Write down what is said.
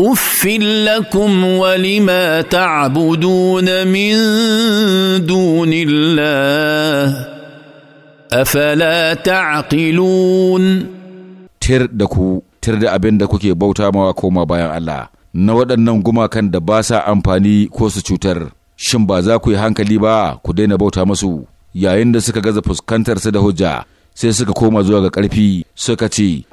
اف لكم ولما تعبدون من دون الله افلا تعقلون tir da ku tir da abin da kuke bauta mawa koma bayan Allah na waɗannan gumakan da ba sa amfani ko su cutar shin ba za ku yi hankali ba ku daina bauta masu yayin da suka gaza fuskantar su da hujja sai suka koma zuwa ga ƙarfi suka ce